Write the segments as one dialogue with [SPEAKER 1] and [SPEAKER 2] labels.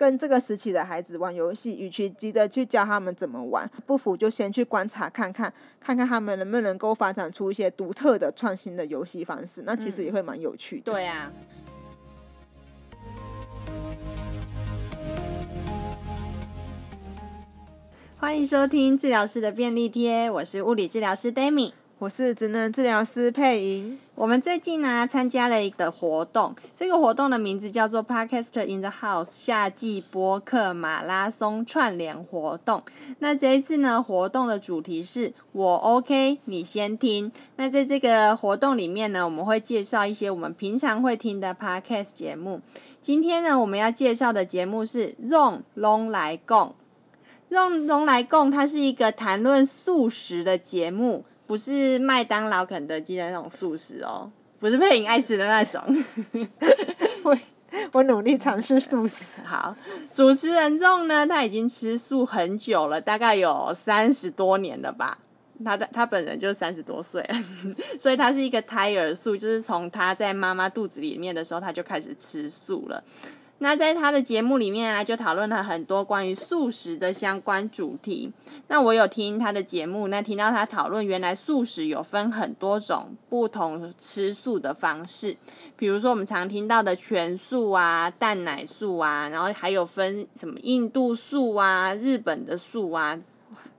[SPEAKER 1] 跟這個時期的孩子玩遊戲，與其急着去教他們怎麼玩，不妨就先去觀察看看，看看他們能不能夠發展出一些獨特的創新的遊戲方式。那其實也會蠻有趣的。嗯。
[SPEAKER 2] 對啊。歡迎收聽治療師的便利貼，我是物理治療師 Demi。我是職能治療師佩瑩。我們最近呢參加了一個活動，這個活動的名字叫做 Podcaster in the House 夏季播客馬拉松串聯活動。那這一次呢活動的主題是“我 OK，你先聽”。那在這個活動裡面呢，我們會介紹一些我們平常會聽的 Podcast 節目。今天呢我們要介紹的節目是《ZONG 嚨來共》。《ZONG 嚨來共》它是一個談論素食的節目。不是麥當勞、肯德基的那種素食哦，不是佩穎愛吃的那種。 我我努力嘗試素食。好，主持人中呢，他已經吃素很久了，大概有三十多年了吧。他他本人就三十多歲了，所以他是一個胎兒素，就是從他在媽媽肚子裡面的時候，他就開始吃素了。那在他的節目裡面啊，就討論了很多關於素食的相關主題。那我有聽他的節目，那聽到他討論，原來素食有分很多種不同吃素的方式，比如說我們常聽到的全素啊、蛋奶素啊，然後還有分什麼印度素啊、日本的素啊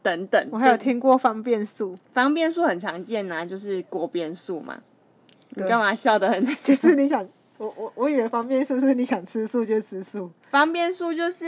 [SPEAKER 2] 等等。我還有聽過方便素，方便素很常見吶、啊，就是鍋邊素嘛。對你幹嘛笑得很？就是
[SPEAKER 1] 你想。 我我我以為方便素是不是你想吃素就吃素？
[SPEAKER 2] 方便素就是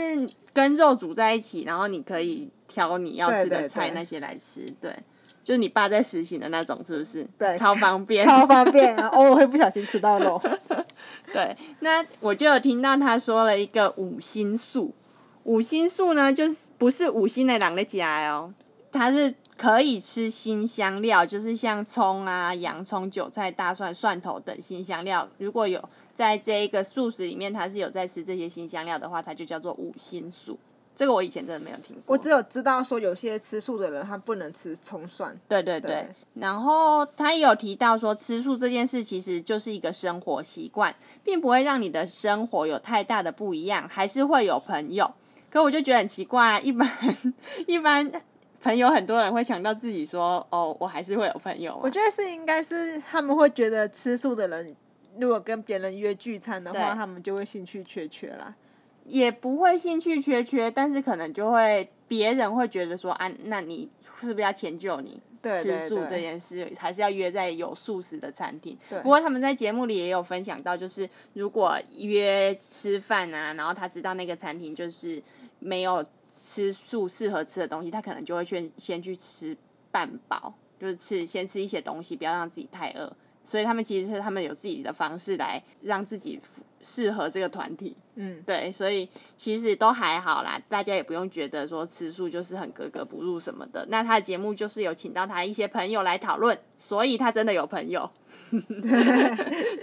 [SPEAKER 2] 跟肉煮在一起，然後你可以挑你要吃的菜那些來吃，對，對，對，對，就是你爸在實行的那種，是不是？對，超方便，超方便、啊，
[SPEAKER 1] 偶爾、 哦、會不小心吃到肉。
[SPEAKER 2] 對，那我就有聽到他說了一個五辛素，五辛素呢就是不是五辛的兩個加哦，它是。可以吃辛香料，就是像蔥啊、洋蔥、韭菜、大蒜、蒜頭等辛香料。如果有在這一個素食裡面，它是有在吃這些辛香料的話，它就叫做五辛素。這個我以前真的沒有聽
[SPEAKER 1] 過。我只有知道說，有些吃素的人他不能吃蔥蒜。對，對對對。對，
[SPEAKER 2] 然後他也有提到說，吃素這件事其實就是一個生活習慣，並不會讓你的生活有太大的不一樣，還是會有朋友。可我就覺得很奇怪啊，一般一般。朋友，很多人會強調自己說哦，我還是會有朋友。我
[SPEAKER 1] 覺得是應該是他們會覺得吃素的人，如果跟別人約聚餐的話，對他們就會興趣缺缺啦。
[SPEAKER 2] 也不會興趣缺缺，但是可能就會別人會覺得說啊，那你是不是要遷就你吃素、對對對這件事？還是要約在有素食的餐廳？對。不過他們在節目裡也有分享到，就是如果約吃飯啊，然後他知道那個餐廳就是沒有，吃素適合吃的東西，他可能就會先先去吃半飽，就是吃先吃一些東西，不要讓自己太餓。所以他們其實是他們有自己的方式來讓自己適合這個團體。嗯，對，所以其實都還好啦，大家也不用覺得說吃素就是很格格不入什麼的。那他的節目就是有請到他一些朋友來討論，所以他真的有朋友。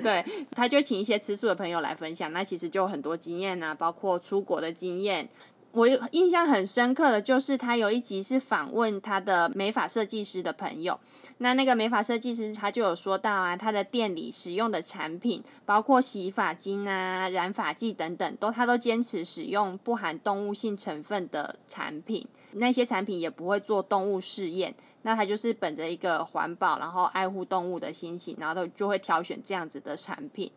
[SPEAKER 2] 對，他就請一些吃素的朋友來分享，那其實就有很多經驗啊，包括出國的經驗。我印象很深刻的就是他有一集是訪問他的美髮設計師的朋友，那那個美髮設計師他就有說到啊，他的店裡使用的產品，包括洗髮精啊、染髮劑等等，都他都堅持使用不含動物性成分的產品，那些產品也不會做動物試驗。那他就是本着一個環保，然後愛護動物的心情，然後就會挑選這樣子的產品。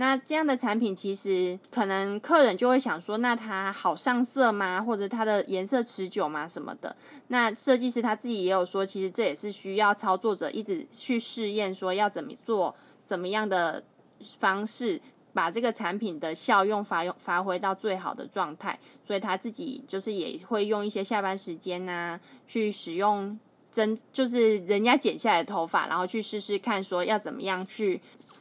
[SPEAKER 2] 那這樣的產品其實可能客人就會想說，那它好上色嗎？或者它的顏色持久嗎？什麼的？那設計師他自己也有說，其實這也是需要操作者一直去試驗，說要怎麼做，怎麼樣的方式把這個產品的效用發用發揮到最好的狀態。所以他自己就是也會用一些下班時間吶、啊、去使用。真就是人家剪下來的頭髮，然後去試試看，說要怎麼樣去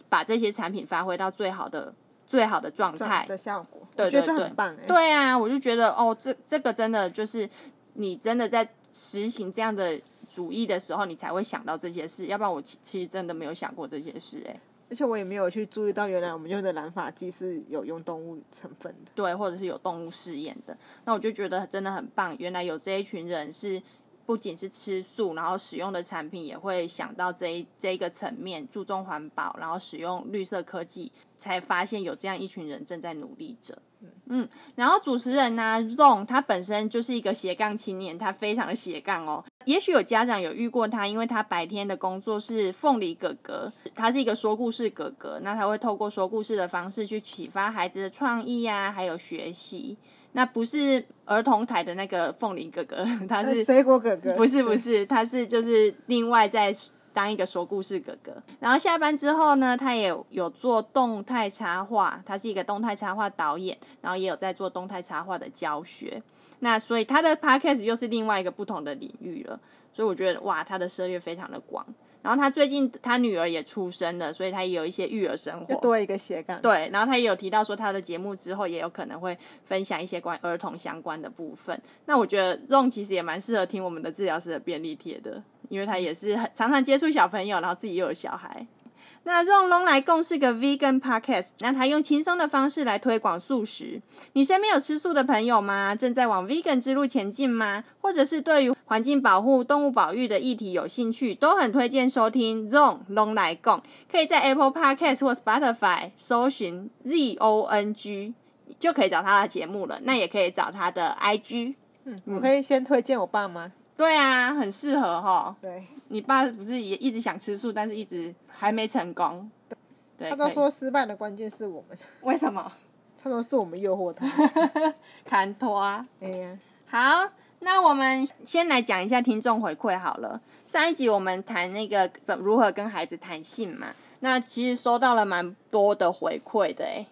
[SPEAKER 2] 把這些產品發揮到最好的、最好的狀態的效果。對對對，很棒欸、對啊，我就覺得哦，這這個真的就是你真的在實行這樣的主義的時候，你才會想到這些事，要不然我其其實真的沒有想過這些事哎、欸。而且我也沒有去注意到，原來我們用的染髮劑是有用動物成分的，對，或者是有動物試驗的。那我就覺得真的很棒，原來有這一群人是。不僅是吃素，然後使用的產品也會想到這一這個層面，注重環保，然後使用綠色科技，才發現有這樣一群人正在努力着。嗯，然後主持人呢、啊，Ron，他本身就是一個斜槓青年，他非常的斜槓哦。也許有家長有遇過他，因為他白天的工作是鳳梨哥哥，他是一個說故事哥哥，那他會透過說故事的方式去啟發孩子的創意啊，還有學習。那不是兒童台的那個鳳麟哥哥，他是水果哥哥，不是不是，是他是就是另外在當一個說故事哥哥。然後下班之後呢，他也有做動態插畫，他是一個動態插畫導演，然後也有在做動態插畫的教學。那所以他的 podcast 又是另外一個不同的領域了，所以我覺得哇，他的涉獵非常的廣。然後他最近他女兒也出生了，所以他也有一些育兒生活。
[SPEAKER 1] 多一個斜槓。對，
[SPEAKER 2] 然後他也有提到說，他的節目之後也有可能會分享一些關於兒童相關的部分。那我覺得 Ron 其實也蠻適合聽我們的治療師的便利貼的，因為他也是很常常接觸小朋友，然後自己又有小孩。那 ZONG 嚨來共是個 Vegan Podcast，那他用輕鬆的方式來推廣素食。你身邊有吃素的朋友嗎？正在往 Vegan 之路前進嗎？或者是對於環境保護、動物保育的議題有興趣，都很推薦收聽 ZONG 嚨來共。可以在 Apple Podcast 或 Spotify 搜尋 Z O N G，就可以找他的節目了。那也可以找他的 IG。嗯，
[SPEAKER 1] 嗯，
[SPEAKER 2] 我可以先推薦我爸媽。對啊，很適合哈、哦。對，你爸不是也一直想吃素，但是一直還沒成功。對，他都說
[SPEAKER 1] 失敗的關鍵是我們。為什麼？
[SPEAKER 2] 他說是我們誘惑他，談脫啊 拖哎呀，好，那我們先來講一下聽眾回饋好了。上一集我們談那個怎麼，如何跟孩子談性嘛，那其實收到了蠻多的回饋的哎。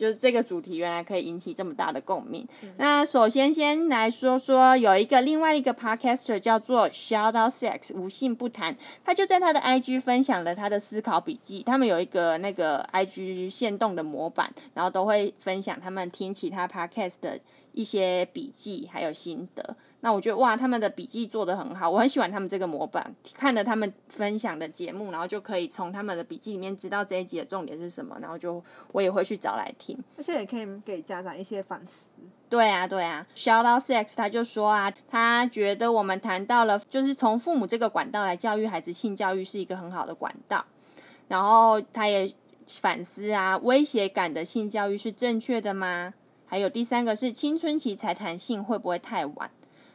[SPEAKER 2] 就是這個主題原來可以引起這麼大的共鳴。嗯、那首先先來說說有一個另外一個 podcaster 叫做 Shout Out Sex，無性不談，他就在他的 IG 分享了他的思考筆記。他們有一個那個 IG 限動的模板，然後都會分享他們聽其他 podcaster 的。一些筆記還有心得，那我覺得哇，他們的筆記做得很好，我很喜歡他們這個模板。看了他們分享的節目，然後就可以從他們的筆記裡面知道這一集的重點是什麼，然後就我也會去找來聽。
[SPEAKER 1] 而且也可以給家長一些反思。
[SPEAKER 2] 對啊，對啊，shout out sex，他就說啊，他覺得我們談到了，就是從父母這個管道來教育孩子性教育是一個很好的管道，然後他也反思啊，威脅感的性教育是正確的嗎？還有第三個是青春期才談性會不會太晚？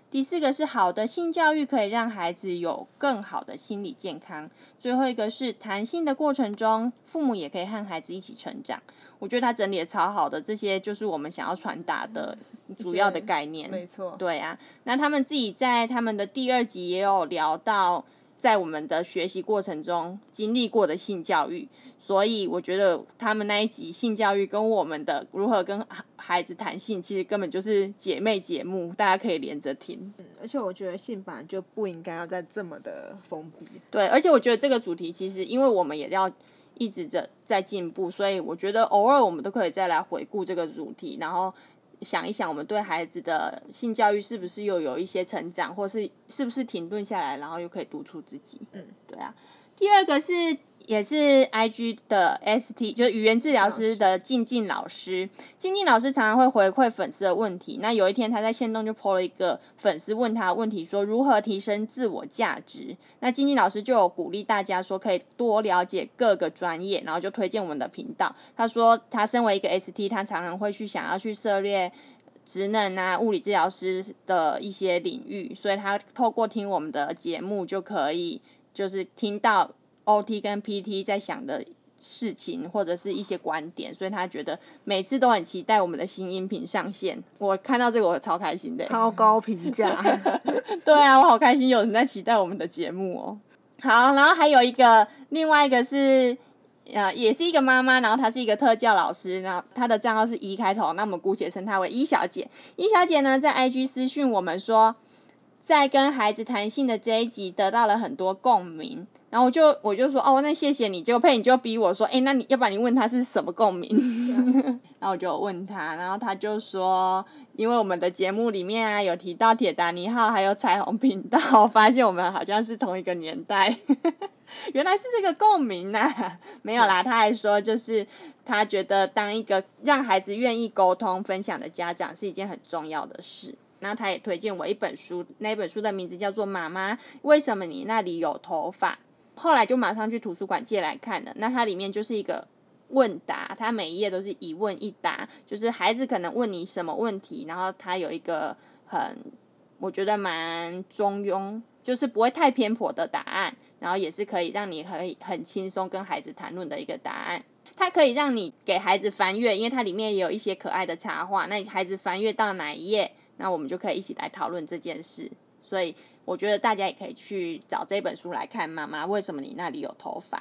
[SPEAKER 2] 第四個是好的性教育可以讓孩子有更好的心理健康。最後一個是談性的過程中，父母也可以和孩子一起成長。我覺得他整理的超好的，這些就是我們想要傳達的主要的概念。沒錯。對啊，那他們自己在他們的第二集也有聊到。在我們的學習過程中經歷過的性教育，所以我覺得他們那一集性教育跟我們的如何跟孩子談性，其實根本就是姐妹節目，大家可以連着聽。嗯、
[SPEAKER 1] 而且我覺得性本來就不應該要再這麼
[SPEAKER 2] 的封閉。對，而且我覺得這個主題其實，因為我們也要一直的在進步，所以我覺得偶爾我們都可以再來回顧這個主題，然後。想一想，我們對孩子的性教育是不是又有一些成長，或是是不是停頓下來，然後又可以督促自己？嗯，對啊。第二個是。也是 I G 的 S T，就是語言治療師的靜靜老師。靜靜老師常常會回饋粉絲的問題。那有一天，他在限動就 po 了一個粉絲問他問題，說如何提升自我價值。那靜靜老師就有鼓勵大家說，可以多了解各個專業，然後就推薦我們的頻道。他說，他身為一個 S T，他常常會去想要去涉獵職能啊、物理治療師的一些領域，所以他透過聽我們的節目就可以，就是聽到。O T 跟 P T 在想的事情，或者是一些觀點，所以他覺得每次都很期待我們的新音頻上線。我看到這個，我超開心的，欸，超高評價， 對啊，我好開心，有人在期待我們的節目喔。好，然後還有一個，另外一個是呃，也是一個媽媽，然後她是一個特教老師，然後她的賬號是 E 開頭，那我們姑且稱她為 E 小姐。E 小姐呢，在 I G 私訊我們說，在跟孩子談性的這一集得到了很多共鳴。然後我就我就說哦，那謝謝你，就配你就逼我說，哎，那你要不然你問他是什麼共鳴？Yes. 然後我就問他，然後他就說，因為我們的節目裡面啊有提到鐵達尼號還有彩虹頻道，發現我們好像是同一個年代， 原來是這個共鳴吶、啊。沒有啦，他還說就是他覺得當一個讓孩子願意溝通分享的家長是一件很重要的事。然後他也推薦我一本書，那本書的名字叫做《媽媽為什麼你那裡有頭髮》。後來就馬上去圖書館借來看了。那它裡面就是一個問答，它每一頁都是一問一答，就是孩子可能問你什麼問題，然後它有一個很我覺得蠻中庸，就是不會太偏頗的答案，然後也是可以讓你很很輕鬆跟孩子談論的一個答案。它可以讓你給孩子翻閱，因為它裡面也有一些可愛的插畫。那你孩子翻閱到哪一頁，那我們就可以一起來討論這件事。所以我覺得大家也可以去找這本書來看。媽媽，為什麼你那裡有頭髮？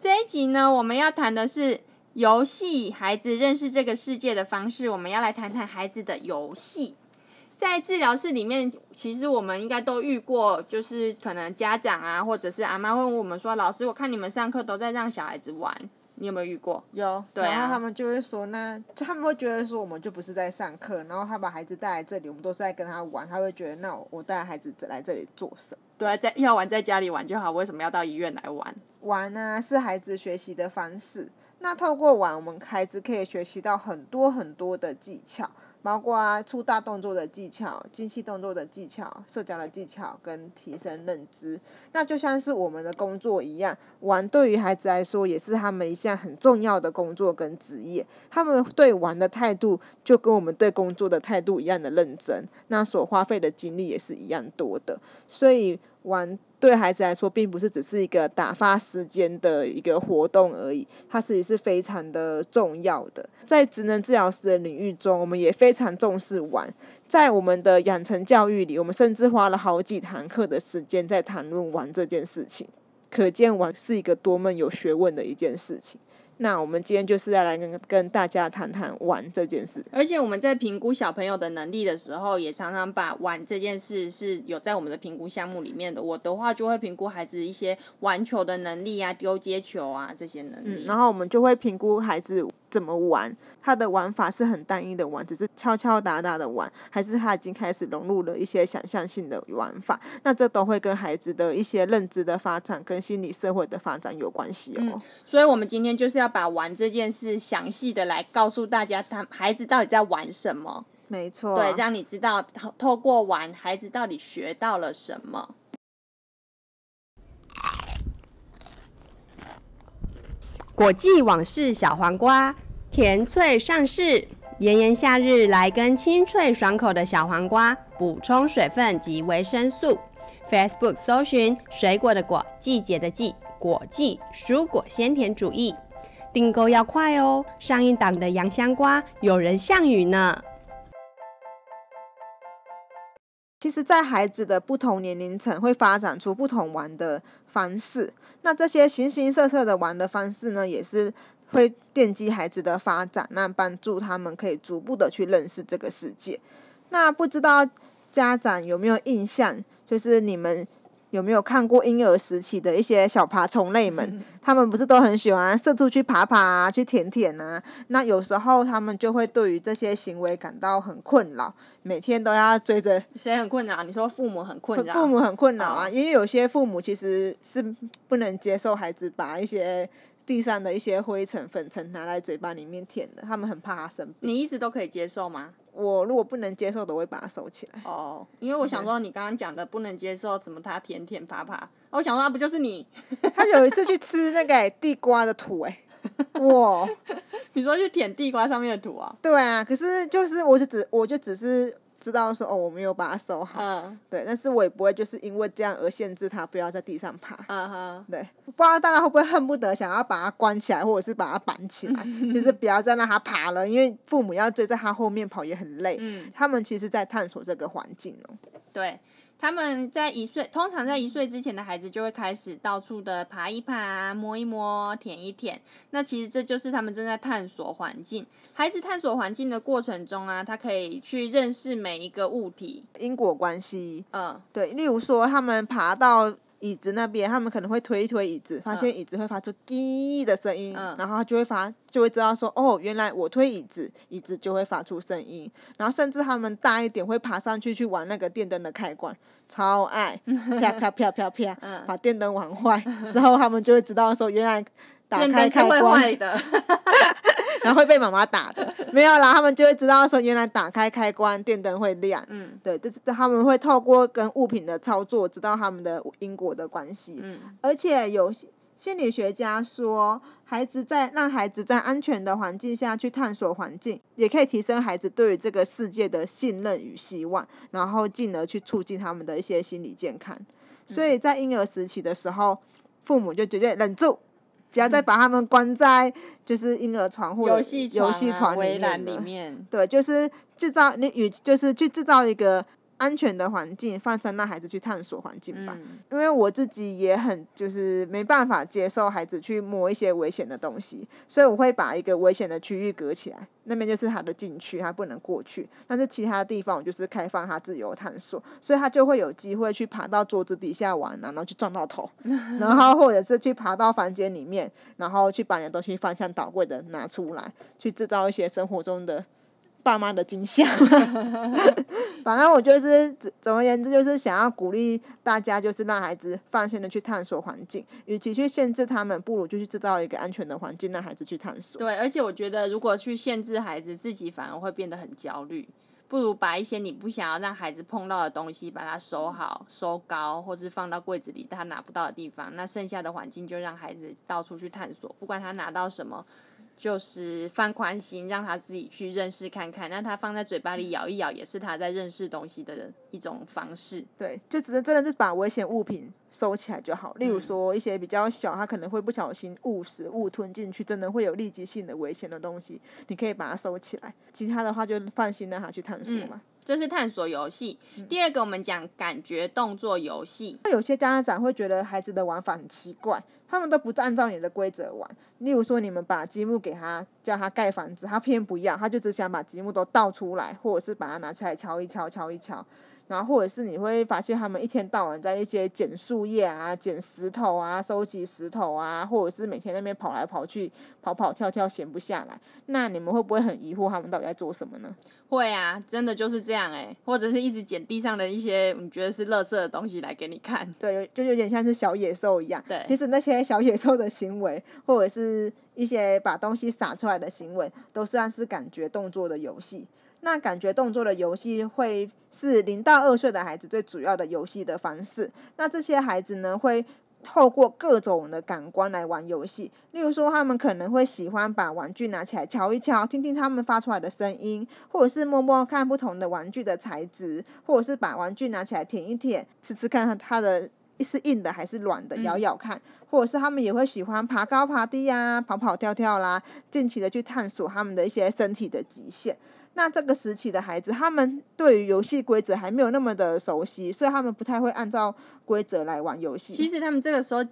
[SPEAKER 2] 這一集呢，我們要談的是遊戲，孩子認識這個世界的方式。我們要來談談孩子的遊戲。在治療室裡面，其實我們應該都遇過，就是可能家長啊，或者是阿嬤問我們說：“老師，我看你們上課都在讓小孩子玩。”你有沒有遇過？有，對啊，然後他
[SPEAKER 1] 們就會說，那他們會覺得說，我們就不是在上課，然後他把孩子帶來這裡，我們都是在跟他玩，他會覺得，那我帶孩子來這裡做什麼？
[SPEAKER 2] 對啊，在要玩，在家裡玩就好，為什麼要到醫院來玩？
[SPEAKER 1] 玩呢，是孩子學習的方式。那透過玩，我們孩子可以學習到很多很多的技巧。包括粗大動作的技巧、精細動作的技巧、社交的技巧跟提升認知，那就像是我們的工作一樣。玩對於孩子來說也是他們一項很重要的工作跟職業。他們對玩的態度就跟我們對工作的態度一樣的認真，那所花費的精力也是一樣多的。所以。玩對孩子來說，並不是只是一個打發時間的一個活動而已，它其實是非常的重要的。在職能治療師的領域中，我們也非常重視玩。在我們的養成教育裡，我們甚至花了好幾堂課的時間在談論玩這件事情，可見玩是一個多麼有學問的一件事情。那我們今天就是要來跟跟大家談談玩這件事。
[SPEAKER 2] 而且我們在評估小朋友的能力的時候，也常常把玩這件事是有在我們的評估項目裡面的。我的話就會評估孩子一些玩球的能力啊、丟接球啊這些能力。嗯，
[SPEAKER 1] 然後我們就會評估孩子。怎麼玩？他的玩法是很單一的玩，只是敲敲打打的玩，還是他已經開始融入了一些想象性的玩法？那這都會跟孩子的一些認知的發展跟心理社會的發展有關係哦。嗯，
[SPEAKER 2] 所以我們今天就是要把玩這件事詳細的來告訴大家，他孩子到底在玩什麼？沒錯，對，讓你知道透過玩，孩子到底學到了什麼。果季網室小黃瓜甜脆上市，炎炎夏日來根清脆爽口的小黃瓜，補充水分及維生素。Facebook 搜尋“水果的果，季節的季，果季蔬果鮮甜主義”，訂購要快哦！上一檔的洋香瓜有人項羽呢。其實，在孩子
[SPEAKER 1] 的不同年齡層，會發展出不同玩的方式。那這些形形色色的玩的方式呢，也是會奠基孩子的發展，那幫助他們可以逐步的去認識這個世界。那不知道家長有沒有印象，就是你們。有沒有看過嬰兒時期的一些小爬蟲類們？嗯、他們不是都很喜歡四處去爬爬啊，去舔舔啊？那有時候他們就會對於這些行為感到很困擾，每天都要追着。
[SPEAKER 2] 誰很困擾？你說父母很困擾？父母很
[SPEAKER 1] 困擾啊，因為有些父母其實是不能接受孩子把一些地上的一些灰塵、粉塵
[SPEAKER 2] 拿來嘴巴裡面舔的，他們很怕他生病。你一直都可以接受嗎？我如果不能接受的，我會把它收起來。哦，oh, 因為我想說，你剛剛講的不能接受，怎麼它舔舔啪啪？我想說，不就是你？ 他有一次去吃那個地瓜的土哎、欸，哇！ 你說去舔地瓜上面的土啊？
[SPEAKER 1] 對啊，可是就是我是只，我就只是。知道說哦，我沒有把它收好，uh, 對，但是我也不會就是因為這樣而限制它，不要在地上爬，uh huh. 對，不知道大家會不會恨不得想要把它關起來，或者是把它綁起來， 就是不要再讓它爬了，因為父母要追在它後面跑也很累，嗯，他們其實在探索這個環境哦。
[SPEAKER 2] 對。他們在一歲，通常在一歲之前的孩子就會開始到處的爬一爬、摸一摸、舔一舔。那其實這就是他們正在探索環境。孩子探索環境的過程中啊，他可以去認識每一個物體、因果關係。嗯，
[SPEAKER 1] 對。例如說，他們爬到椅子那邊，他們可能會推一推椅子，發現椅子會發出滴的聲音，嗯，然後就會發，就會知道說，哦，原來我推椅子，椅子就會發出聲音。然後甚至他們大一點，會爬上去去玩那個電燈的開關。超愛，啪啪啪啪啪。 把電燈玩壞之後，他們就會知道說，原來打開開關，的 然後會被媽媽打的，沒有啦，他們就會知道說，原來打開開關，電燈會亮。嗯，對，就是他們會透過跟物品的操作，知道他們的因果的關係。嗯，而且有些。心理學家說，孩子在讓孩子在安全的環境下去探索環境，也可以提升孩子對於這個世界的信任與希望，然後進而去促進他們的一些心理健康。所以在嬰兒時期的時候，父母就絕對忍住，不要再把他們關在就是嬰兒床或遊戲床圍欄裡面。對，就是制造你與就是去制造一個。安全的環境，放任讓孩子去探索環境吧。嗯、因為我自己也很就是沒辦法接受孩子去摸一些危險的東西，所以我會把一個危險的區域隔起來，那邊就是他的禁區，他不能過去。但是其他地方我就是開放他自由探索，所以他就會有機會去爬到桌子底下玩，然後去撞到頭，嗯、然後或者是去爬到房間裡面，然後去把你的東西翻箱倒櫃的拿出來，去制造一些生活中的。爸媽的驚嚇， 反正我就是，總而言之就是想要鼓勵大家，就是讓孩子放心的去探索環境，與其去限制他們，不如就去制造一個安全的環境，讓孩子去探索。
[SPEAKER 2] 對，而且我覺得如果去限制孩子，自己反而會變得很焦慮，不如把一些你不想要讓孩子碰到的東西，把它收好、收高，或是放到櫃子裡他拿不到的地方，那剩下的環境就讓孩子到處去探索，不管他拿到什麼。就是放寬心，讓他自己去認識看看。那他放在嘴巴裡咬一咬，也是他在認識東西的一種方式。對，
[SPEAKER 1] 就只能真的，是把危險物品收起來就好。例如說一些比較小，他可能會不小心誤食、誤吞進去，真的會有立即性的危險的東西，你可以把它收起來。其他的話就放心讓他去探索嘛。嗯
[SPEAKER 2] 這是探索遊戲。第二個，我們講感覺動作遊戲。
[SPEAKER 1] 有些家長會覺得孩子的玩法很奇怪，他們都不按照你的規則玩。例如說，你們把積木給他，叫他蓋房子，他偏不要，他就只想把積木都倒出來，或者是把它拿出來敲一敲，敲一敲。然後，或者是你會發現他們一天到晚在一些撿樹葉啊、撿石頭啊、收集石頭啊，或者是每天那邊跑來跑去、跑跑跳跳，閒不下來。那你們會不會很疑惑他們到底在做什麼呢？
[SPEAKER 2] 會啊，真的就是這樣哎、欸，或者是一直撿地上的一些你覺得是垃圾的東西來給你看。對，就有點像是
[SPEAKER 1] 小野獸一樣。對。其實那些小野獸的行為，或者是一些把東西撒出來的行為，都算是感覺動作的遊戲。那感覺動作的遊戲會是零到二歲的孩子最主要的遊戲的方式。那這些孩子呢，會透過各種的感官來玩遊戲。例如說，他們可能會喜歡把玩具拿起來敲一敲，聽聽他們發出來的聲音；或者是摸摸看不同的玩具的材質；或者是把玩具拿起來舔一舔，吃吃看看它的是硬的還是軟的，咬咬看；嗯、或者是他們也會喜歡爬高爬低呀、啊，跑跑跳跳啦，盡情的去探索他們的一些身體的極限。那這個時期的孩子，他們對於遊戲規則還沒有那麼的熟悉，所以他們不太會按照規則來玩遊戲。其實
[SPEAKER 2] 他們這個時候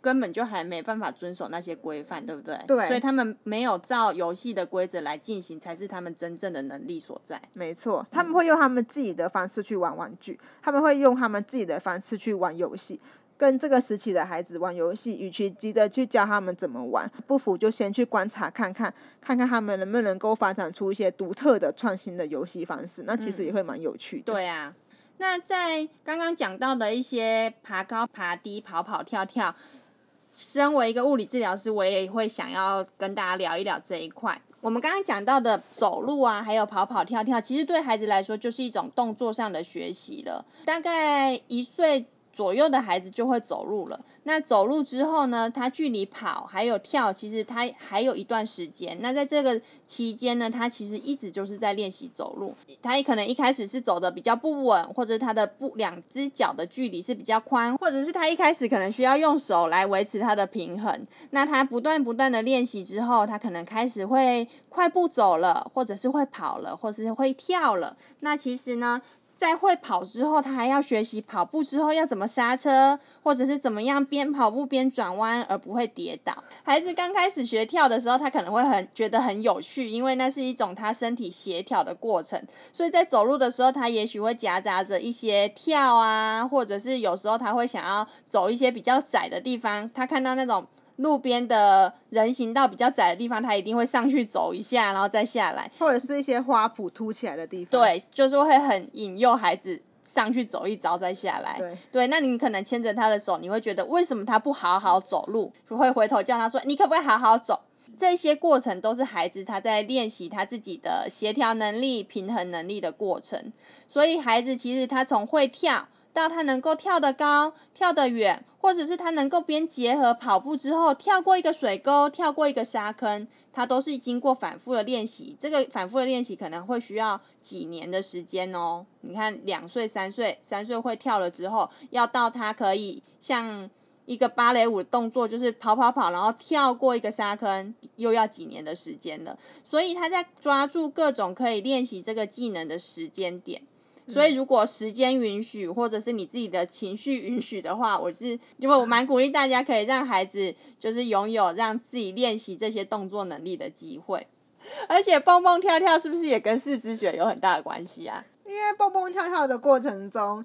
[SPEAKER 2] 根本就還沒辦法遵守那些規範，對不對？對，所以他們沒有照遊戲的規則來進行，才是他們真正的能力所在。
[SPEAKER 1] 沒錯，他們會用他們自己的方式去玩玩具，他們會用他們自己的方式去玩遊戲。跟這個時期的孩子玩遊戲，與其急着去教他們怎麼玩，不如就先去觀察看看，看看他們能不能夠發展出一些獨特的創新的遊戲方式，那其實也會蠻有趣的。嗯，對
[SPEAKER 2] 啊，那在剛剛講到的一些爬高爬低、跑跑跳跳，身為一個物理治療師，我也會想要跟大家聊一聊這一塊。我們剛剛講到的走路啊，還有跑跑跳跳，其實對孩子來說就是一種動作上的學習了。大概一歲。左右的孩子就會走路了。那走路之後呢，他距離跑還有跳，其實他還有一段時間。那在這個期間呢，他其實一直就是在練習走路。他也可能一開始是走的比較不穩，或者他的不兩只腳的距離是比較寬，或者是他一開始可能需要用手來維持他的平衡。那他不斷不斷的練習之後，他可能開始會快步走了，或者是會跑了，或者是會跳了。那其實呢，在會跑之後，他還要學習跑步之後要怎麼剎車，或者是怎麼樣邊跑步邊轉彎而不會跌倒。孩子剛開始學跳的時候，他可能會很覺得很有趣，因為那是一種他身體協調的過程。所以在走路的時候，他也許會夾雜着一些跳啊，或者是有時候他會想要走一些比較窄的地方，他看到那種。路邊的人行道比較窄的地方，他一定會上去走一下，然後再下來，或者是一些花圃凸起來的地方。對，就是會很引誘孩子上去走一遭再下來。對，對，那你可能牽着他的手，你會覺得為什麼他不好好走路，就會回頭叫他說：“你可不可以好好走？”這些過程都是孩子他在練習他自己的協調能力、平衡能力的過程。所以孩子其實他從會跳。到他能夠跳得高、跳得遠，或者是他能夠邊結合跑步之後跳過一個水溝、跳過一個沙坑，他都是經過反復的練習。這個反復的練習可能會需要幾年的時間哦。你看，兩歲、三歲，三歲會跳了之後，要到他可以像一個芭蕾舞動作，就是跑跑跑，然後跳過一個沙坑，又要幾年的時間了。所以他在抓住各種可以練習這個技能的時間點。嗯、所以，如果時間允許，或者是你自己的情緒允許的話，我是因為我蠻鼓勵大家可以讓孩子就是擁有讓自己練習這些動作能力的機會。而且，蹦蹦跳跳是不是也跟四肢覺有很大的關係啊？
[SPEAKER 1] 因為蹦蹦跳跳的過程中，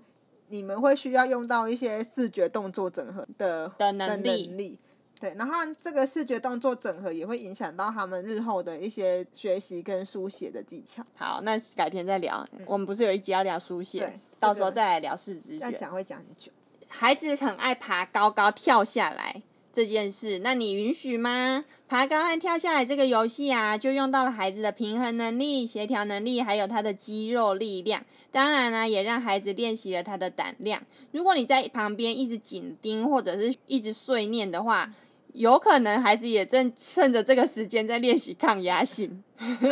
[SPEAKER 1] 你們會需要用到一些視覺動作整合的的能力。能力。對，然後這個視覺動作整合也會影響到他們日
[SPEAKER 2] 後的一些學習跟書寫的技巧。好，那改天再聊。嗯、我們不是有一集要聊書寫，對到時候再來聊視覺。這樣講會講很久。孩子很愛爬高高跳下來這件事，那你允許嗎？爬高和跳下來這個遊戲啊，就用到了孩子的平衡能力、協調能力，還有他的肌肉力量。當然啦、啊，也讓孩子練習了他的膽量。如果你在旁邊一直緊盯或者是一直碎念的話，有可能孩子也正趁着這個時間在練習抗壓性， 所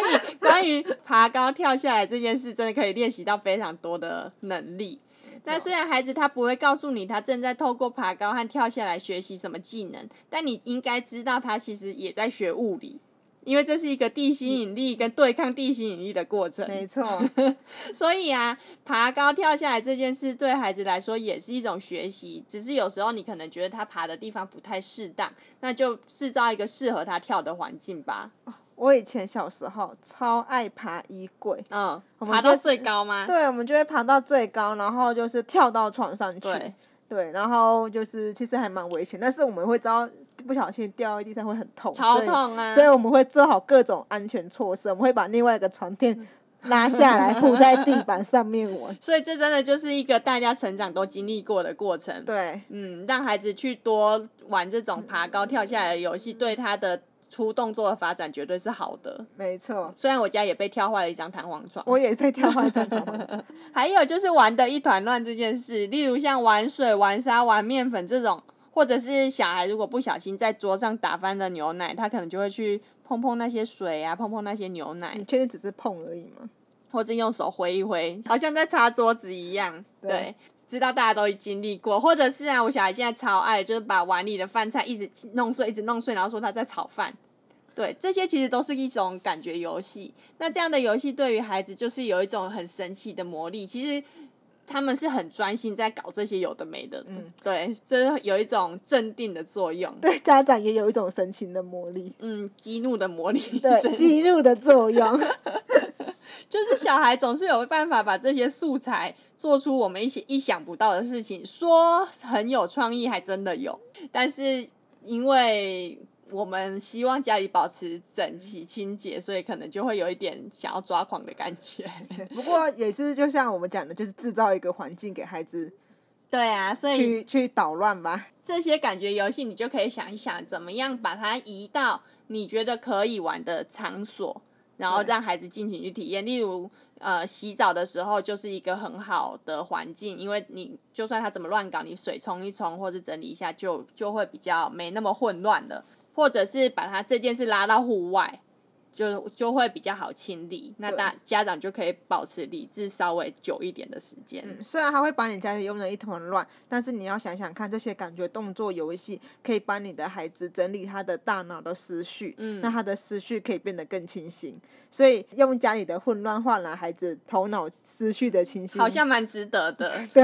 [SPEAKER 2] 以關於爬高跳下來這件事，真的可以練習到非常多的能力。但雖然孩子他不會告訴你，他正在透過爬高和跳下來學習什麼技能，但你應該知道，他其實也在學物理。因為這是一個地心引力跟對抗地心引力的過程，沒錯。 所以啊，爬高跳下來這件事，對孩子來說也是一種學習。只是有時候你可能覺得他爬的地方不太適當，那就製造一個適合他跳的環境吧。我以前小時候超愛爬衣櫃，嗯、哦，我們爬到最高
[SPEAKER 1] 嗎？對，我們就會爬到最高，然後就是跳到床上去。對，對，然後就是其實還蠻危險，但是我們會知道。不小心掉在地上會很痛，超痛啊，所以所以我們會做好各種安全措施，我們會把另外一個床墊拉下來鋪在地板上面玩。
[SPEAKER 2] 所以這真的就是一個大家成長都經歷過的過程。對，嗯，讓孩子去多玩這種爬高跳下來的遊戲，對他的粗動作的發展絕對是好的。沒錯錯，雖然我家也被跳壞了一張彈簧床，我也被跳壞一張彈簧床。 還有就是玩得一團亂這件事，例如像玩水、玩沙、玩麵粉這種。或者是小孩如果不小心在桌上打翻了牛奶，他可能就會去碰碰那些水啊，碰碰那些牛奶。你確定只是碰而已嗎？或者用手揮一揮，好像在擦桌子一樣。對，對，知道大家都已經歷過。或者是啊，我小孩現在超愛，就是把碗裡的飯菜一直弄碎，一直弄碎，然後說他在炒飯。對，這些其實都是一種感覺遊戲。那這樣的遊戲對於孩子，就是有一種很神奇的魔力。其實。他們是很專心在搞這些有的沒的，的，嗯，對，這、就是、有一種鎮定的作用，
[SPEAKER 1] 對家長也有一種神情的魔力，嗯，
[SPEAKER 2] 激怒的魔力，對，神情，激
[SPEAKER 1] 怒的作用，
[SPEAKER 2] 就是小孩總是有辦法把這些素材做出我們一些意想不到的事情，說很有創意，還真的有，但是因為。我們希望家裡保持整齊清潔，所以可能就會有一點想要抓狂的感覺。不過也是，
[SPEAKER 1] 就像我們講的，就是製造一個環境給孩子。對啊，所以去搗亂吧。
[SPEAKER 2] 這些感覺遊戲，你就可以想一想，怎麼樣把它移到你覺得可以玩的場所，然後讓孩子盡情去體驗。對例如，呃，洗澡的時候就是一個很好的環境，因為你就算他怎麼亂搞，你水沖一沖或者整理一下就，就就會比較沒那麼混亂了。或者是把他這件事拉到戶外。就就會比較好清理，那大對家長就可以保持理智稍微久一點的時間。嗯，
[SPEAKER 1] 雖然他會把你家裡用得一團亂，但是你要想想看，這些感覺動作遊戲可以幫你的孩子整理他的大腦的思緒。嗯，那他的思緒可以變得更清醒，所以用家裡的混亂換來孩子頭腦思緒的清醒，好像
[SPEAKER 2] 蠻值得的。
[SPEAKER 1] 對，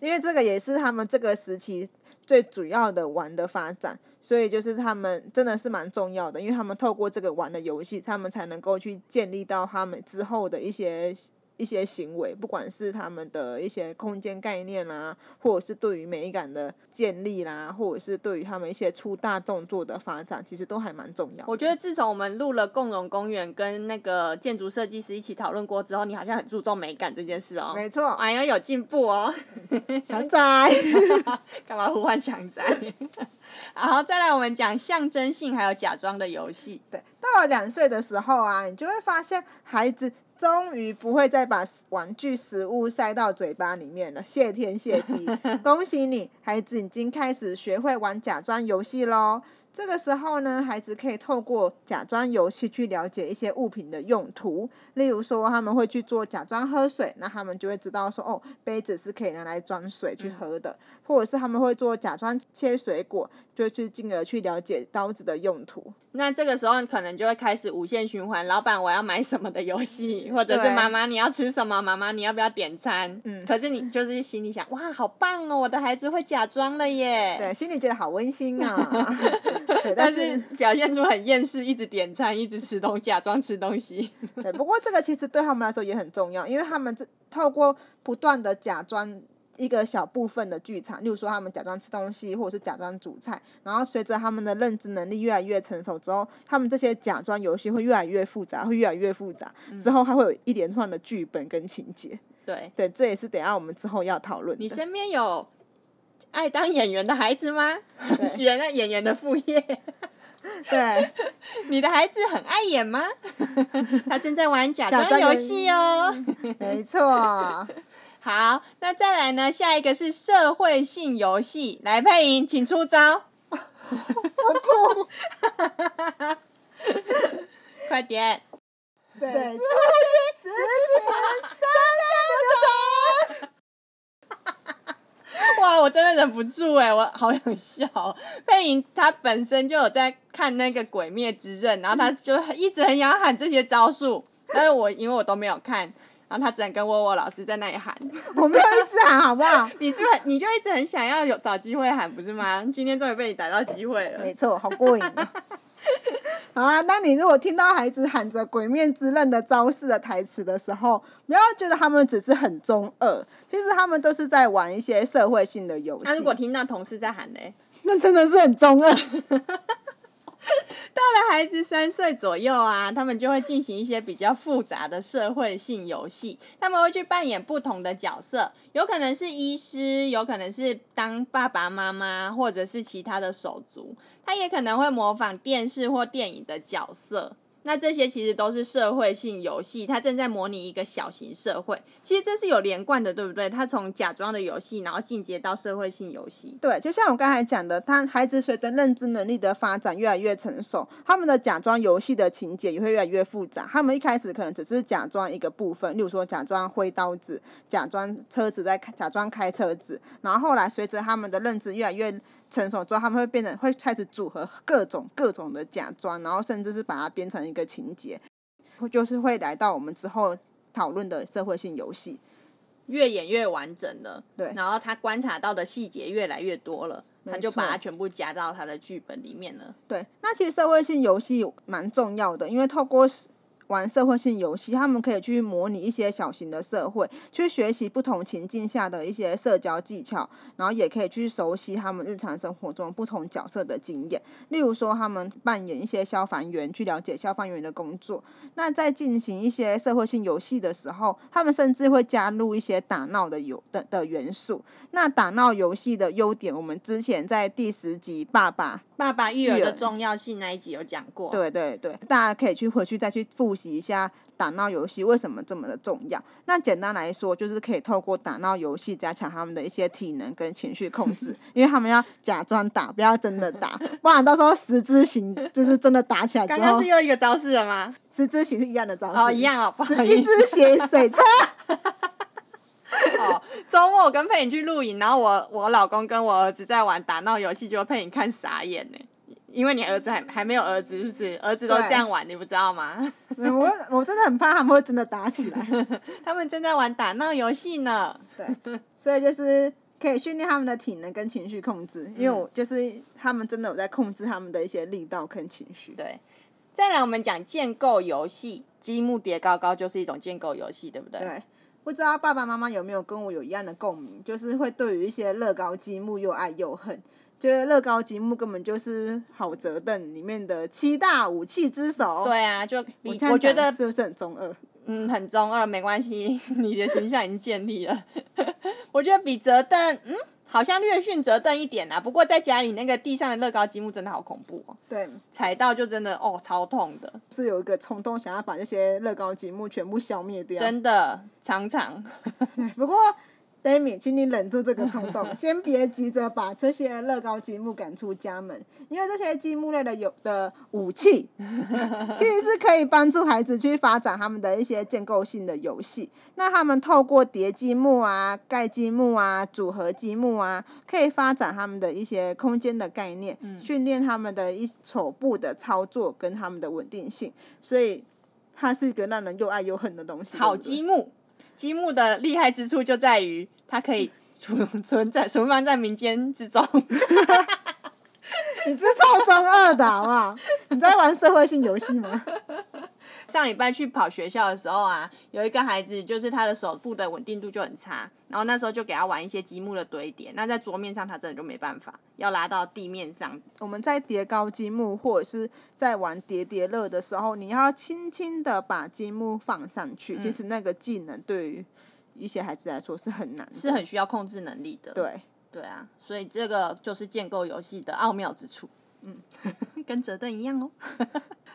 [SPEAKER 1] 因為這個也是他們這個時期最主要的玩的發展，所以就是他們真的是蠻重要的，因為他們透過這個玩的遊戲。遊戲，他們才能夠去建立到他們之後的一些一些行為，不管是他們的一些空間概念啊，或者是對於美感的建立啦，或者是對於他們一些粗大動作的發展，其實都還蠻重要。
[SPEAKER 2] 我覺得自從我們錄了共融公園跟那個建築設計師一起討論過之後，你好像很注重美感這件事哦、喔。沒錯錯，哎呀，有進步哦，強仔，幹嘛呼喚強仔？ 然後再來，我們講象徵性還有假裝的遊戲。對，
[SPEAKER 1] 到了兩歲的時候啊，你就會發現孩子終於不會再把玩具食物塞到嘴巴裡面了，謝天謝地， 恭喜你，孩子已經開始學會玩假裝遊戲嘍。這個時候呢，孩子可以透過假裝遊戲去了解一些物品的用途。例如說，他們會去做假裝喝水，那他們就會知道說，哦，杯子是可以拿來裝水去喝的。嗯、或者是他們會做假裝切水果，就去、是、進而去了解刀子的用途。
[SPEAKER 2] 那這個時候你可能就會開始無限循環，老闆我要買什麼的遊戲，或者是媽媽你要吃什麼？媽媽你要不要點餐？嗯，可是你就是心裡想，哇，好棒哦，我的孩子會假裝了耶，對，心裡覺得好溫馨啊。 對，但是， 但是表現出很厭世，一直點餐，一直吃東西，假裝吃東西。
[SPEAKER 1] 對，不過這個其實對他們來說也很重要，因為他們這透過不斷的假裝一個小部分的劇場，例如說他們假裝吃東西，或者是假裝煮菜，然後隨着他們的認知能力越來越成熟之後，他們這些假裝遊戲會越來越複雜，會越來越複雜，之後還會有一連串的劇本跟情節。嗯、對，對，這也是等下我們之後要討論。你身
[SPEAKER 2] 邊有？愛當演員的孩子嗎？原來對演員的副業。對， 你的孩子很愛演嗎？ 他正在玩假裝遊戲哦。沒錯。好，那再來呢？下一個是社會性遊戲，來配音，請出招。快點。
[SPEAKER 1] 對，
[SPEAKER 2] 哇，我真的忍不住哎、欸，我好想笑。佩瑩他本身就有在看那個《鬼滅之刃》，然後他就一直很想喊這些招數，但是我因為我都沒有看，然後他只能跟窩窩老師在那裡喊。我沒有一直喊，好不好？ 你是不是你就一直很想要有找機會喊，不是嗎？今天終於被你逮到機會了。沒
[SPEAKER 1] 錯，好過癮。 好啊，那你如果聽到孩子喊着《鬼面之刃》的招式的台詞的時候，不要覺得他們只是很中二，其實他們都是在玩一些社會性的遊戲。那如果
[SPEAKER 2] 聽到同事在喊呢？那真的是很中二。 到了孩子三歲左右啊，他們就會進行一些比較複雜的社會性遊戲。他們會去扮演不同的角色，有可能是醫師，有可能是當爸爸媽媽，或者是其他的手足。他也可能會模仿電視或電影的角色。那這些其實都是社會性遊戲，它正在模擬一個小型社會。其實這是有連貫的，對不對？它從假裝的遊戲，然後進階到社會性遊戲。
[SPEAKER 1] 對，就像我剛才講的，他孩子隨着認知能力的發展越來越成熟，他們的假裝遊戲的情節也會越來越複雜。他們一開始可能只是假裝一個部分，例如說假裝揮刀子，假裝車子在假裝開車子，然後後來隨着他們的認知越來越成熟之後，他們會變成，會開始組合各種各種的假裝，然後甚至是把它編成一個情節，就是會來到我們之後討論的社會性遊戲，
[SPEAKER 2] 越演越完整了。對，然後他觀察到的細節越來越多了，沒錯，他就把它全部加到他的劇本裡面了。
[SPEAKER 1] 對，那其實社會性遊戲蠻重要的，因為透過。玩社會性遊戲，他們可以去模擬一些小型的社會，去學習不同情境下的一些社交技巧，然後也可以去熟悉他們日常生活中不同角色的經驗。例如說，他們扮演一些消防員，去了解消防員的工作。那在進行一些社會性遊戲的時候，他們甚至會加入一些打鬧的有的的元素。那打鬧遊戲的優點，我們之前在第十集爸爸
[SPEAKER 2] 爸爸育兒的重要性兒那一集有講過。對對對，
[SPEAKER 1] 大家可以去回去再去複習一下打鬧遊戲為什麼這麼的重要。那簡單來說，就是可以透過打鬧遊戲加強他們的一些體能跟情緒控制， 因為他們要假裝打，不要真的打，不然到時候十字形就是真的打起來。 剛剛是用一
[SPEAKER 2] 個招式了嗎？
[SPEAKER 1] 十字形是一樣的招式哦，一樣哦，不好意思，一只鞋水車。
[SPEAKER 2] 周末跟佩穎去露營，然後我我老公跟我兒子在玩打鬧遊戲，就佩穎看傻眼呢、欸。因為你兒子還還沒有兒子，是不是？兒子都這樣玩，對你不知道嗎？嗯、
[SPEAKER 1] 我我真的很怕他們會真的打起來。 他們正在玩打鬧遊戲呢。對。所以就是可以訓練他們的體能跟情緒控制，
[SPEAKER 2] 嗯、因為我就是他們真的有在控制他們的一些力道跟情緒。對。再來，我們講建構遊戲，積木疊高高就是一種建構遊戲，對不對？對。不知
[SPEAKER 1] 道爸爸媽媽有沒有跟我有一樣的共鳴，就是會對於一些樂高積木又愛又恨，覺得樂高積木根本就是好折凳裡面的七大武器之首。
[SPEAKER 2] 對啊，就比我，我覺得是不是很中二？嗯，很中二，沒關係，你的形象已經建立了。 我覺得比折凳。嗯。好像略遜折凳一點啦，啊，不過在家裡那個地上的樂高積木真的好恐怖哦，對，踩到就真的哦超痛的，
[SPEAKER 1] 是有一個衝動想要把這些樂高積木全部消滅掉，真的常常， 不過。Dami 請你忍住這個衝動，先別急着把這些樂高積木趕出家門，因為這些積木類的有的武器，其實是可以幫助孩子去發展他們的一些建構性的遊戲。那他們透過疊積木啊、蓋積木啊、組合積木啊，可以發展他們的一些空間的概念，嗯、訓練他們的一手部的操作跟他們的穩定
[SPEAKER 2] 性。所以，它是一個讓人又愛又恨的東西。好積木。積木的厲害之處就在於，它可以存存在、存放在民間之中。 你在中二的，好不好？你在玩社會性遊戲嗎？上禮拜去跑學校的時候啊，有一個孩子，就是他的手部的穩定度就很差。然後那時候就給他玩一些積木的堆疊，那在桌面上他真的就沒辦法，要拉到地面上。
[SPEAKER 1] 我們在疊高積木或者是在玩疊疊樂的時候，你要輕輕的把積木放上去，嗯，其實那個技能對於一些孩子來說是很難的，是
[SPEAKER 2] 很需要控制能力的。對，對啊，所以這個就是建構遊戲的奧妙之處。嗯， 跟折凳一樣哦。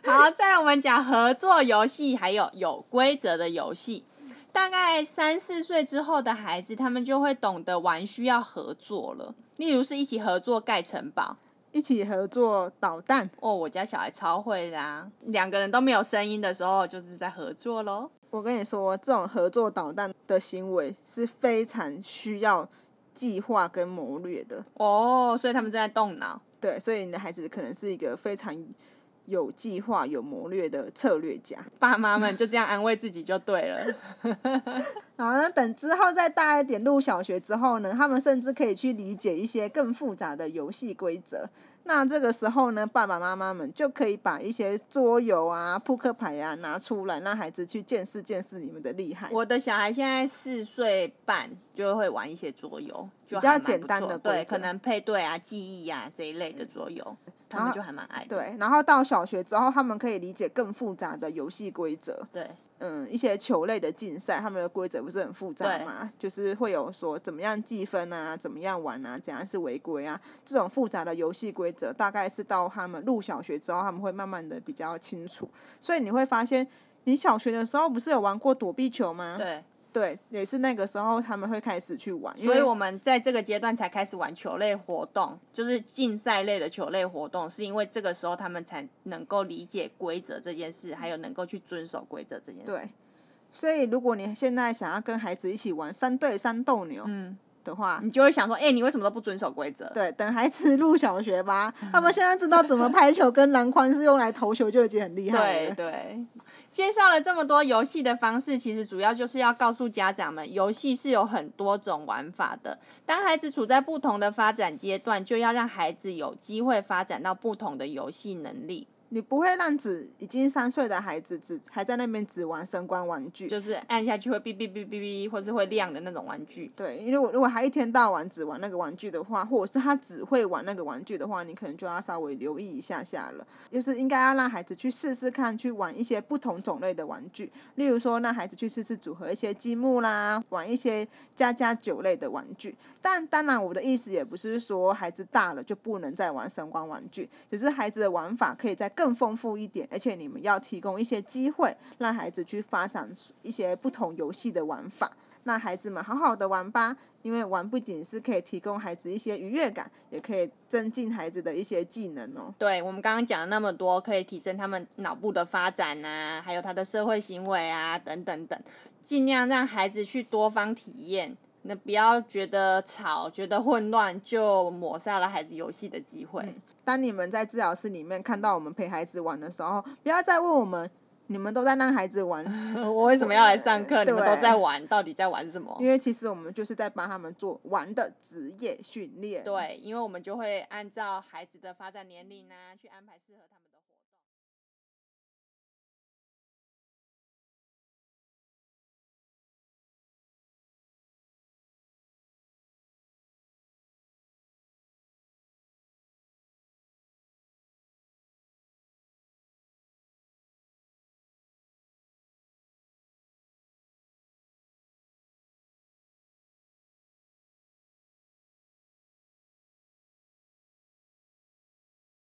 [SPEAKER 2] 好，再來我們講合作遊戲，還有有規則的遊戲。大概三四歲之後的孩子，他們就會懂得玩需要合作了。例如是一起合作蓋城堡，一起合作搗蛋哦，我家小孩超會的啊！兩個人都沒有聲音的時候，就是在合作嘍。我跟你說，這種合作搗蛋
[SPEAKER 1] 的行為是非常需要計劃跟謀略的。哦，所以
[SPEAKER 2] 他們正在動腦。
[SPEAKER 1] 對，所以你的孩子可能是一個非常。有計劃、有謀
[SPEAKER 2] 略的策略家，爸媽們就這樣安慰自己就對了。 好，那
[SPEAKER 1] 等之後再大一點，入小學之後呢，他們甚至可以去理解一些更複雜的遊戲規則。那這個時候呢，爸爸媽媽們就可以把一些桌遊啊、撲克牌啊拿出來，讓孩子去見識見識你們的厲害。
[SPEAKER 2] 我的小孩現在四歲半，就會玩一些桌遊，就比較簡單的，對，可能配對啊、記憶呀這一類的桌遊。嗯然後就還蠻愛的。對，然後到小學之後，他們可以理解
[SPEAKER 1] 更複雜的遊戲規則。
[SPEAKER 2] 對，
[SPEAKER 1] 嗯，一些球類的競賽，他們的規則不是很複雜嗎？對就是會有說怎麼樣計分啊，怎麼樣玩啊，怎樣是違規啊，這種複雜的遊戲規則，大概是到他們入小學之後，他們會慢慢的比較清楚。所以你會發現，你小學的時候不是有玩過躲避球嗎？對。對，也是
[SPEAKER 2] 那個時候他們會開始去玩，因為所以我們在這個階段才開始玩球類活動，就是競賽類的球類活動，是因為這個時候他們才能夠理解規則這件事，還有能夠去遵守規則這件事。對，
[SPEAKER 1] 所以如果你現在想要跟孩子一起玩三對三鬥牛，嗯。的話，你就會想說，哎、欸，你為什麼都不遵守規則？對，等孩子入小學吧，嗯、他們現在知道怎麼拍球跟籃筐是用來投球，就已經很厲害了。 對對，
[SPEAKER 2] 介紹了這麼多遊戲的方式，其實主要就是要告訴家長們，遊戲是有很多種玩法的。當孩子處在不同的發展階段，就要讓孩子有機會發展到不同的遊戲能力。你不會讓只已經
[SPEAKER 1] 三歲的孩子只還在那邊只玩聲光玩具，就是
[SPEAKER 2] 按下去會嗶嗶嗶嗶嗶，或是會亮的那種玩具。
[SPEAKER 1] 對，因為我如果如果他一天到晚只玩那個玩具的話，或者是他只會玩那個玩具的話，你可能就要稍微留意一下下了。就是應該要讓孩子去試試看，去玩一些不同種類的玩具，例如說讓孩子去試試組合一些積木啦，玩一些家家酒類的玩具。但當然，我的意思也不是說孩子大了就不能再玩聲光玩具，只是孩子的玩法可以在更更豐富一點，而且你們要提供一些機會，讓孩子去發展一些不同遊戲的玩法。那孩子們好好的玩吧，因為玩不僅是可以提供孩子一些愉悅感，也可以
[SPEAKER 2] 增進孩子的一些技能哦。對，我們剛剛講了那麼多，可以提升他們腦部的發展啊，還有他的社會行為啊，等等等。儘量讓孩子去多方體驗，那不要覺得吵、覺得混亂就抹殺了孩子遊戲的機會。嗯當你們在治療室裡面看到我們陪孩子玩的時候，不要再問
[SPEAKER 1] 我們，你們都在讓孩子玩，呵呵，我為什麼要來上課？對，你們都在
[SPEAKER 2] 玩，對，到底在玩什麼？因
[SPEAKER 1] 為其實我們就是在幫他們做玩的職
[SPEAKER 2] 業訓練。對，因為我們就會按照孩子的發展年齡呢，去安排適合他們。